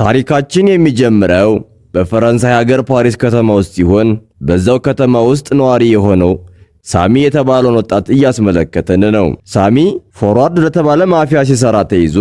ታሪካችን የሚጀምረው በፈረንሳይ ሀገር ፓሪስ ከተማ ውስጥ ሲሆን በዛው ከተማ ውስጥ ነዋሪ የሆነው ሳሚ የተባለውን ወጣት እያስመለከተን ነው። ሳሚ ፎርዋርድ ለተባለ ማፊያ ሲሰራ ተይዞ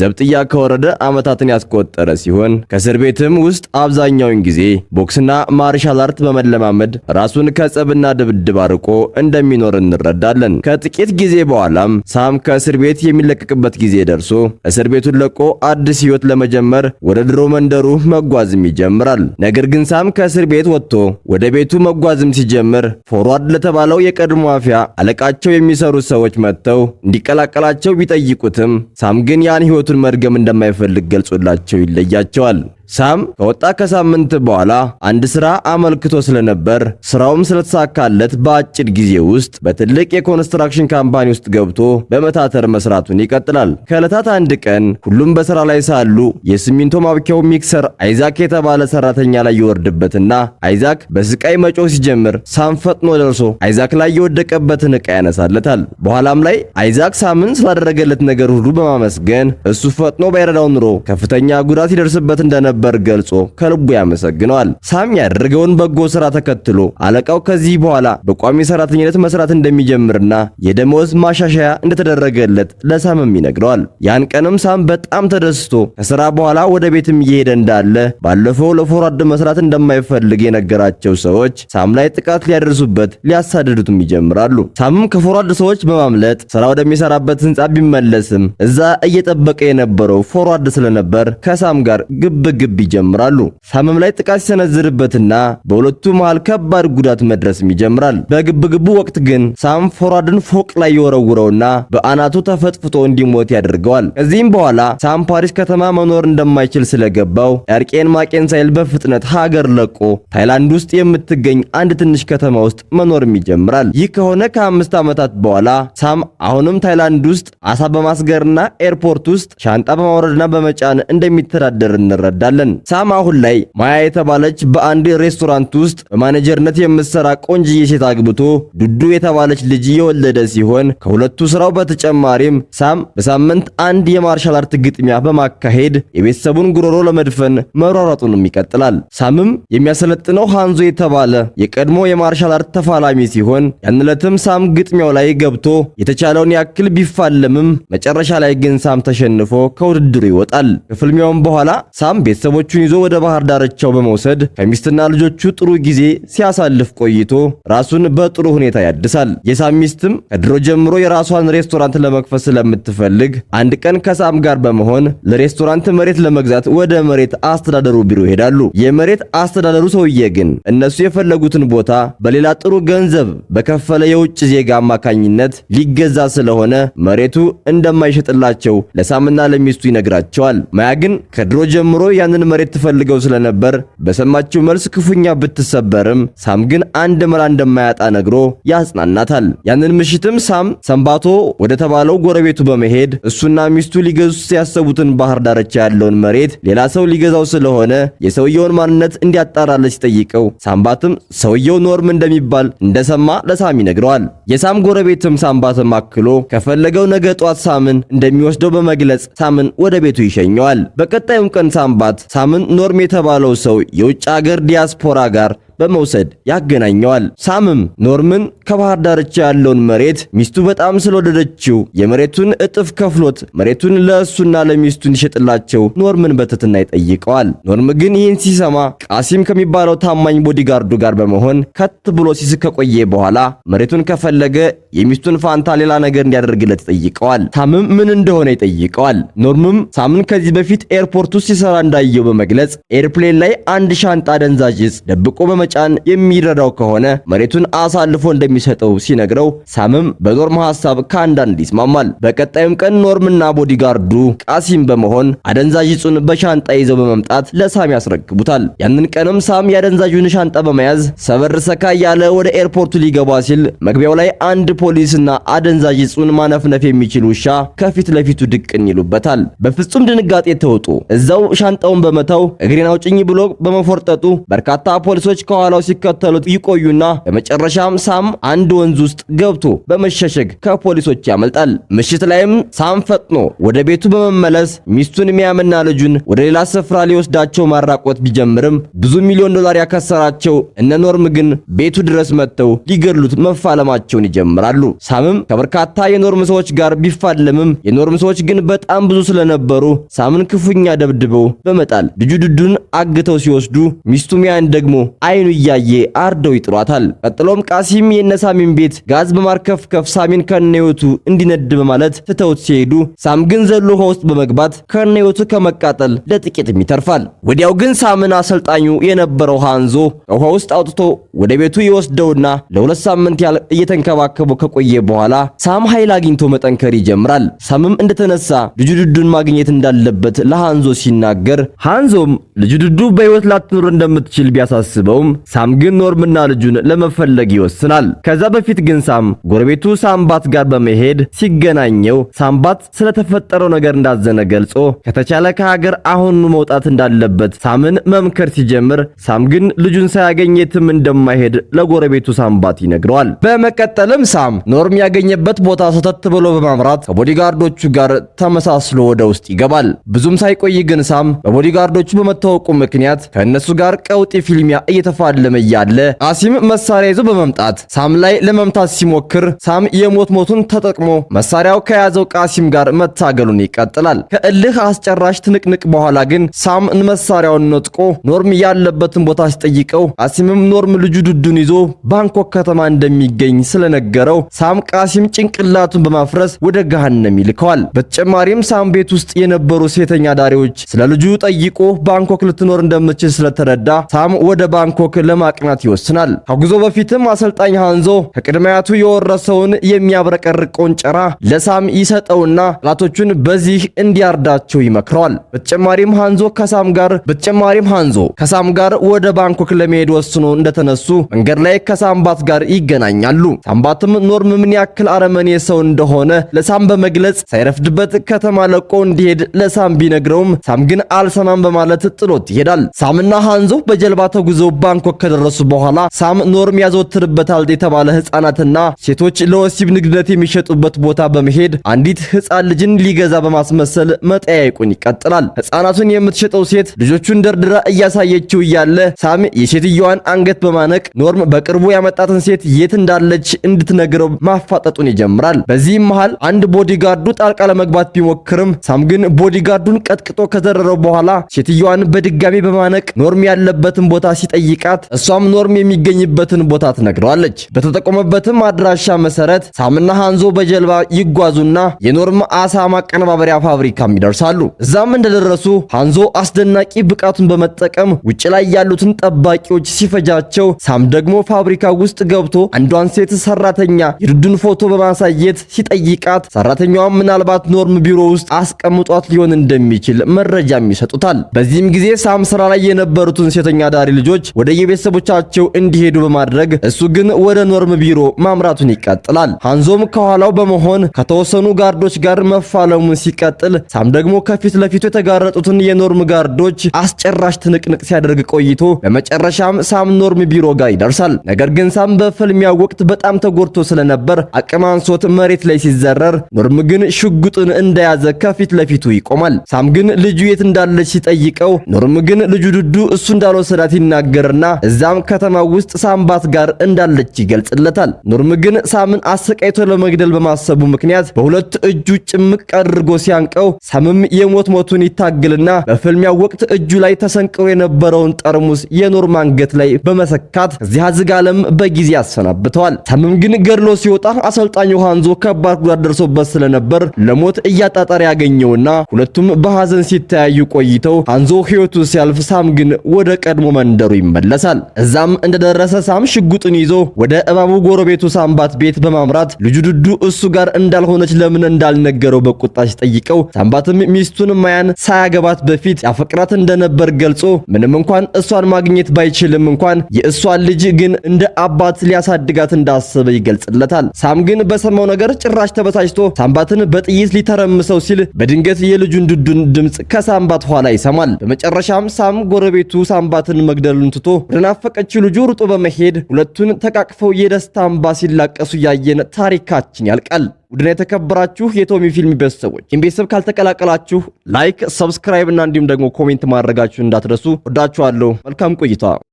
ዘብጥያ ከወረደ ዓመታትን ያስቆጠረ ሲሆን ከእስር ቤትም ውስጥ አብዛኛውን ጊዜ ቦክስና ማርሻል አርት በመለማመድ ራሱን ከጸብና ድብድብ አርቆ እንደሚኖር እንረዳለን። ከጥቂት ጊዜ በኋላም ሳም ከእስር ቤት የሚለቀቅበት ጊዜ ደርሶ እስር ቤቱን ለቆ አዲስ ሕይወት ለመጀመር ወደ ድሮ መንደሩ መጓዝም ይጀምራል። ነገር ግን ሳም ከእስር ቤት ወጥቶ ወደ ቤቱ መጓዝም ሲጀምር ፎርዋርድ ለተባለው የቀድሞ ማፊያ አለቃቸው የሚሰሩት ሰዎች መጥተው እንዲቀላ እንዲቀላቀላቸው ቢጠይቁትም ሳም ግን ያን ህይወቱን መድገም እንደማይፈልግ ገልጾላቸው ይለያቸዋል። ሳም ከወጣ ከሳምንት በኋላ አንድ ስራ አመልክቶ ስለነበር ስራውም ስለተሳካለት በአጭር ጊዜ ውስጥ በትልቅ የኮንስትራክሽን ካምፓኒ ውስጥ ገብቶ በመታተር መስራቱን ይቀጥላል። ከዕለታት አንድ ቀን ሁሉም በስራ ላይ ሳሉ የሲሚንቶ ማብኪያው ሚክሰር አይዛክ የተባለ ሰራተኛ ላይ ይወርድበትና አይዛክ በስቃይ መጮ ሲጀምር ሳም ፈጥኖ ደርሶ አይዛክ ላይ የወደቀበትን ዕቃ ያነሳለታል። በኋላም ላይ አይዛክ ሳምን ስላደረገለት ነገር ሁሉ በማመስገን እሱ ፈጥኖ ባይረዳው ኑሮ ከፍተኛ ጉዳት ይደርስበት እንደነበር እንደነበር ገልጾ ከልቡ ያመሰግነዋል። ሳም ያደረገውን በጎ ስራ ተከትሎ አለቃው ከዚህ በኋላ በቋሚ ሰራተኝነት መስራት እንደሚጀምርና የደመወዝ ማሻሻያ እንደተደረገለት ለሳምም ይነግረዋል። ያን ቀንም ሳም በጣም ተደስቶ ከስራ በኋላ ወደ ቤትም እየሄደ እንዳለ ባለፈው ለፎርዋርድ መስራት እንደማይፈልግ የነገራቸው ሰዎች ሳም ላይ ጥቃት ሊያደርሱበት ሊያሳድዱትም ይጀምራሉ። ሳምም ከፎርዋርድ ሰዎች በማምለጥ ስራ ወደሚሰራበት ህንፃ ቢመለስም እዛ እየጠበቀ የነበረው ፎርዋርድ ስለነበር ከሳም ጋር ግብግ ግብ ይጀምራሉ። ሳምም ላይ ጥቃት ሲሰነዝርበትና በሁለቱ መሃል ከባድ ጉዳት መድረስም ይጀምራል። በግብግቡ ወቅት ግን ሳም ፎራድን ፎቅ ላይ የወረውረውና በአናቱ ተፈጥፍጦ እንዲሞት ያደርገዋል። ከዚህም በኋላ ሳም ፓሪስ ከተማ መኖር እንደማይችል ስለገባው ያርቄን ማቄን ሳይል በፍጥነት ሀገር ለቆ ታይላንድ ውስጥ የምትገኝ አንድ ትንሽ ከተማ ውስጥ መኖርም ይጀምራል። ይህ ከሆነ ከአምስት ዓመታት በኋላ ሳም አሁንም ታይላንድ ውስጥ አሳ በማስገርና ኤርፖርት ውስጥ ሻንጣ በማውረድና በመጫን እንደሚተዳደር እንረዳል። እናያለን። ሳም አሁን ላይ ማያ የተባለች በአንድ ሬስቶራንት ውስጥ በማኔጀርነት የምትሰራ ቆንጅዬ ሴት አግብቶ ዱዱ የተባለች ልጅ የወለደ ሲሆን ከሁለቱ ስራው በተጨማሪም ሳም በሳምንት አንድ የማርሻል አርት ግጥሚያ በማካሄድ የቤተሰቡን ጉሮሮ ለመድፈን መሯሯጡንም ይቀጥላል። ሳምም የሚያሰለጥነው ሃንዞ የተባለ የቀድሞ የማርሻል አርት ተፋላሚ ሲሆን ያን ዕለትም ሳም ግጥሚያው ላይ ገብቶ የተቻለውን ያክል ቢፋለምም መጨረሻ ላይ ግን ሳም ተሸንፎ ከውድድሩ ይወጣል። ከፍልሚያውም በኋላ ሳም ቤት ቤተሰቦቹን ይዞ ወደ ባህር ዳርቻው በመውሰድ ከሚስትና ልጆቹ ጥሩ ጊዜ ሲያሳልፍ ቆይቶ ራሱን በጥሩ ሁኔታ ያድሳል። የሳም ሚስትም ከድሮ ጀምሮ የራሷን ሬስቶራንት ለመክፈት ስለምትፈልግ አንድ ቀን ከሳም ጋር በመሆን ለሬስቶራንት መሬት ለመግዛት ወደ መሬት አስተዳደሩ ቢሮ ይሄዳሉ። የመሬት አስተዳደሩ ሰውዬ ግን እነሱ የፈለጉትን ቦታ በሌላ ጥሩ ገንዘብ በከፈለ የውጭ ዜጋ አማካኝነት ሊገዛ ስለሆነ መሬቱ እንደማይሸጥላቸው ለሳምና ለሚስቱ ይነግራቸዋል። ማያ ግን ከድሮ ጀምሮ ያ። ያንን መሬት ትፈልገው ስለነበር በሰማችው መልስ ክፉኛ ብትሰበርም ሳም ግን አንድ መላ እንደማያጣ ነግሮ ያጽናናታል። ያንን ምሽትም ሳም ሰንባቶ ወደ ተባለው ጎረቤቱ በመሄድ እሱና ሚስቱ ሊገዙት ያሰቡትን ባህር ዳርቻ ያለውን መሬት ሌላ ሰው ሊገዛው ስለሆነ የሰውየውን ማንነት እንዲያጣራለች ጠይቀው ሳምባትም ሰውየው ኖርም እንደሚባል እንደሰማ ለሳም ይነግረዋል። የሳም ጎረቤትም ሳምባትም አክሎ ከፈለገው ነገ ጧት ሳምን እንደሚወስደው በመግለጽ ሳምን ወደ ቤቱ ይሸኘዋል። በቀጣዩም ቀን ሳምባት ሳምንት ኖርም የተባለው ሰው የውጭ አገር ዲያስፖራ ጋር በመውሰድ ያገናኘዋል። ሳምም ኖርምን ከባህር ዳርቻ ያለውን መሬት ሚስቱ በጣም ስለወደደችው የመሬቱን እጥፍ ከፍሎት መሬቱን ለእሱና ለሚስቱ እንዲሸጥላቸው ኖርምን በትትና ይጠይቀዋል። ኖርም ግን ይህን ሲሰማ ቃሲም ከሚባለው ታማኝ ቦዲጋርዱ ጋር በመሆን ከት ብሎ ሲስቅ ከቆየ በኋላ መሬቱን ከፈለገ የሚስቱን ፋንታ ሌላ ነገር እንዲያደርግለት ይጠይቀዋል። ሳምም ምን እንደሆነ ይጠይቀዋል። ኖርምም ሳምን ከዚህ በፊት ኤርፖርት ውስጥ ሲሰራ እንዳየው በመግለጽ ኤርፕሌን ላይ አንድ ሻንጣ ደንዛዥ እጽ ደብቆ በመ ለመጫን የሚረዳው ከሆነ መሬቱን አሳልፎ እንደሚሰጠው ሲነግረው ሳምም በኖርም ሐሳብ ከአንዳንድ ይስማማል። በቀጣዩም ቀን ኖርምና ቦዲጋርዱ ቃሲም በመሆን አደንዛዥ እጹን በሻንጣ ይዘው በመምጣት ለሳም ያስረክቡታል። ያንን ቀንም ሳም የአደንዛዡን ሻንጣ በመያዝ ሰበር ሰካ ያለ ወደ ኤርፖርቱ ሊገባ ሲል መግቢያው ላይ አንድ ፖሊስና አደንዛዥ እጹን ማነፍነፍ የሚችል ውሻ ከፊት ለፊቱ ድቅን ይሉበታል። በፍጹም ድንጋጤ ተውጡ እዛው ሻንጣውን በመተው እግሬን አውጭኝ ብሎ በመፎርጠጡ በርካታ ፖሊሶች ከ ከኋላው ሲከተሉት ይቆዩና በመጨረሻም ሳም አንድ ወንዝ ውስጥ ገብቶ በመሸሸግ ከፖሊሶች ያመልጣል። ምሽት ላይም ሳም ፈጥኖ ወደ ቤቱ በመመለስ ሚስቱን ሚያምና ልጁን ወደ ሌላ ስፍራ ሊወስዳቸው ማራቆት ቢጀምርም ብዙ ሚሊዮን ዶላር ያከሰራቸው እነ ኖርም ግን ቤቱ ድረስ መጥተው ሊገድሉት መፋለማቸውን ይጀምራሉ። ሳምም ከበርካታ የኖርም ሰዎች ጋር ቢፋለምም የኖርም ሰዎች ግን በጣም ብዙ ስለነበሩ ሳምን ክፉኛ ደብድበው በመጣል ልጁ ድዱን አግተው ሲወስዱ ሚስቱ ሚያን ደግሞ አይኑ እያየ አርደው ይጥሏታል። ቀጥሎም ቃሲም የነሳሚን ቤት ጋዝ በማርከፍከፍ ሳሚን ከነዮቱ እንዲነድ በማለት ትተውት ሲሄዱ ሳም ግን ዘሎ ውሃ ውስጥ በመግባት ከነዮቱ ከመቃጠል ለጥቂትም ይተርፋል። ወዲያው ግን ሳምን አሰልጣኙ የነበረው ሃንዞ ከውሃ ውስጥ አውጥቶ ወደ ቤቱ ይወስደውና ለሁለት ሳምንት ያህል እየተንከባከበው ከቆየ በኋላ ሳም ኃይል አግኝቶ መጠንከር ይጀምራል። ሳምም እንደተነሳ ልጁ ዱዱን ማግኘት እንዳለበት ለሃንዞ ሲናገር ሃንዞም ልጁ ዱዱ በህይወት ላትኖር እንደምትችል ቢያሳስበውም ሳም ግን ኖርምና ልጁን ለመፈለግ ይወስናል። ከዛ በፊት ግን ሳም ጎረቤቱ ሳምባት ጋር በመሄድ ሲገናኘው ሳምባት ስለተፈጠረው ነገር እንዳዘነ ገልጾ ከተቻለ ከሀገር አሁኑ መውጣት እንዳለበት ሳምን መምከር ሲጀምር ሳም ግን ልጁን ሳያገኝ የትም እንደማይሄድ ለጎረቤቱ ሳምባት ይነግረዋል። በመቀጠልም ሳም ኖርም ያገኘበት ቦታ ሰተት ብሎ በማምራት ከቦዲጋርዶቹ ጋር ተመሳስሎ ወደ ውስጥ ይገባል። ብዙም ሳይቆይ ግን ሳም በቦዲጋርዶቹ በመታወቁ ምክንያት ከእነሱ ጋር ቀውጢ ፊልሚያ እየተፈ እየተፋለመ እያለ አሲም መሳሪያ ይዞ በመምጣት ሳም ላይ ለመምታት ሲሞክር ሳም የሞት ሞቱን ተጠቅሞ መሳሪያው ከያዘው ቃሲም ጋር መታገሉን ይቀጥላል። ከእልህ አስጨራሽ ትንቅንቅ በኋላ ግን ሳም መሳሪያውን ነጥቆ ኖርም ያለበትን ቦታ ሲጠይቀው አሲምም ኖርም ልጁ ዱዱን ይዞ ባንኮክ ከተማ እንደሚገኝ ስለነገረው ሳም ቃሲም ጭንቅላቱን በማፍረስ ወደ ገሃነም ይልከዋል። በተጨማሪም ሳም ቤት ውስጥ የነበሩ ሴተኛ ዳሪዎች ስለ ልጁ ጠይቆ ባንኮክ ልትኖር እንደምትችል ስለተረዳ ሳም ወደ ባንኮክ ፉክክር ለማቅናት ይወስናል። ከጉዞ በፊትም አሰልጣኝ ሃንዞ ከቅድሚያቱ የወረሰውን የሚያብረቀርቅ ቆንጨራ ለሳም ይሰጠውና ጠላቶቹን በዚህ እንዲያርዳቸው ይመክረዋል። በተጨማሪም ሃንዞ ከሳም ጋር በተጨማሪም ሃንዞ ከሳም ጋር ወደ ባንኮክ ለመሄድ ወስኖ እንደተነሱ መንገድ ላይ ከሳምባት ጋር ይገናኛሉ። ሳምባትም ኖርም ምን ያክል አረመኔ ሰው እንደሆነ ለሳም በመግለጽ ሳይረፍድበት ከተማ ለቆ እንዲሄድ ለሳም ቢነግረውም ሳም ግን አልሰማም በማለት ጥሎት ይሄዳል። ሳምና ሃንዞ በጀልባ ተጉዘው ባንኮክ ባንኮክ ከደረሱ በኋላ ሳም ኖርም ያዘወትርበታል የተባለ ህፃናትና ሴቶች ለወሲብ ንግድነት የሚሸጡበት ቦታ በመሄድ አንዲት ህፃን ልጅን ሊገዛ በማስመሰል መጠያየቁን ይቀጥላል። ህፃናቱን የምትሸጠው ሴት ልጆቹን ደርድራ እያሳየችው እያለ ሳም የሴትዮዋን አንገት በማነቅ ኖርም በቅርቡ ያመጣትን ሴት የት እንዳለች እንድትነግረው ማፋጠጡን ይጀምራል። በዚህም መሃል አንድ ቦዲጋርዱ ጣልቃ ለመግባት ቢሞክርም ሳም ግን ቦዲጋርዱን ቀጥቅጦ ከዘረረው በኋላ ሴትዮዋን በድጋሚ በማነቅ ኖርም ያለበትን ቦታ ሲጠይቃ በመጠየቃት እሷም ኖርም የሚገኝበትን ቦታ ትነግረዋለች። በተጠቆመበትም አድራሻ መሰረት ሳምና ሃንዞ በጀልባ ይጓዙና የኖርም አሳ ማቀነባበሪያ ፋብሪካም ይደርሳሉ። እዛም እንደደረሱ ሃንዞ አስደናቂ ብቃቱን በመጠቀም ውጭ ላይ ያሉትን ጠባቂዎች ሲፈጃቸው፣ ሳም ደግሞ ፋብሪካ ውስጥ ገብቶ አንዷን ሴት ሰራተኛ የዱዱን ፎቶ በማሳየት ሲጠይቃት ሰራተኛዋም ምናልባት ኖርም ቢሮ ውስጥ አስቀምጧት ሊሆን እንደሚችል መረጃም ይሰጡታል። በዚህም ጊዜ ሳም ስራ ላይ የነበሩትን ሴተኛ ዳሪ ልጆች ወደ ወደየቤተሰቦቻቸው እንዲሄዱ በማድረግ እሱ ግን ወደ ኖርም ቢሮ ማምራቱን ይቀጥላል። ሃንዞም ከኋላው በመሆን ከተወሰኑ ጋርዶች ጋር መፋለሙን ሲቀጥል፣ ሳም ደግሞ ከፊት ለፊቱ የተጋረጡትን የኖርም ጋርዶች አስጨራሽ ትንቅንቅ ሲያደርግ ቆይቶ በመጨረሻም ሳም ኖርም ቢሮ ጋር ይደርሳል። ነገር ግን ሳም በፍልሚያው ወቅት በጣም ተጎድቶ ስለነበር አቅም አንሶት መሬት ላይ ሲዘረር፣ ኖርም ግን ሽጉጥን እንደያዘ ከፊት ለፊቱ ይቆማል። ሳም ግን ልጁ የት እንዳለች ሲጠይቀው፣ ኖርም ግን ልጁ ዱዱ እሱ እንዳልወሰዳት ይናገርና እዛም ከተማ ውስጥ ሳምባት ጋር እንዳለች ይገልጽለታል። ኑርም ግን ሳምን አሰቃይቶ ለመግደል በማሰቡ ምክንያት በሁለት እጁ ጭምቅ አድርጎ ሲያንቀው ሳምም የሞት ሞቱን ይታግልና በፍልሚያው ወቅት እጁ ላይ ተሰንቅሮ የነበረውን ጠርሙስ የኖርም አንገት ላይ በመሰካት እዚህ አዝግ ዓለም በጊዜ ያሰናብተዋል። ሳምም ግን ገድሎ ሲወጣ አሰልጣኝ ዮሐንዞ ከባድ ጉዳት ደርሶበት ስለነበር ለሞት እያጣጠረ ያገኘውና ሁለቱም በሐዘን ሲተያዩ ቆይተው አንዞ ሕይወቱ ሲያልፍ ሳም ግን ወደ ቀድሞ መንደሩ ይመለሳል። ይመለሳል። እዛም እንደደረሰ ሳም ሽጉጥን ይዞ ወደ እባቡ ጎረቤቱ ሳምባት ቤት በማምራት ልጁ ዱዱ እሱ ጋር እንዳልሆነች ለምን እንዳልነገረው በቁጣ ሲጠይቀው ሳምባትም ሚስቱን ማያን ሳያገባት በፊት ያፈቅራት እንደነበር ገልጾ ምንም እንኳን እሷን ማግኘት ባይችልም እንኳን የእሷን ልጅ ግን እንደ አባት ሊያሳድጋት እንዳሰበ ይገልጽለታል። ሳም ግን በሰማው ነገር ጭራሽ ተበሳጭቶ ሳምባትን በጥይት ሊተረምሰው ሲል በድንገት የልጁን ዱዱን ድምፅ ከሳምባት ኋላ ይሰማል። በመጨረሻም ሳም ጎረቤቱ ሳምባትን መግደሉን ትቶ ወደናፈቀችው ልጁ ሩጦ በመሄድ ሁለቱን ተቃቅፈው የደስታ አምባ ሲላቀሱ እያየን ታሪካችን ያልቃል። ውድና የተከበራችሁ የቶሚ ፊልም ቤተሰቦች ይህን ቤተሰብ ካልተቀላቀላችሁ ላይክ፣ ሰብስክራይብ እና እንዲሁም ደግሞ ኮሜንት ማድረጋችሁን እንዳትረሱ። ወዳችኋለሁ። መልካም ቆይታ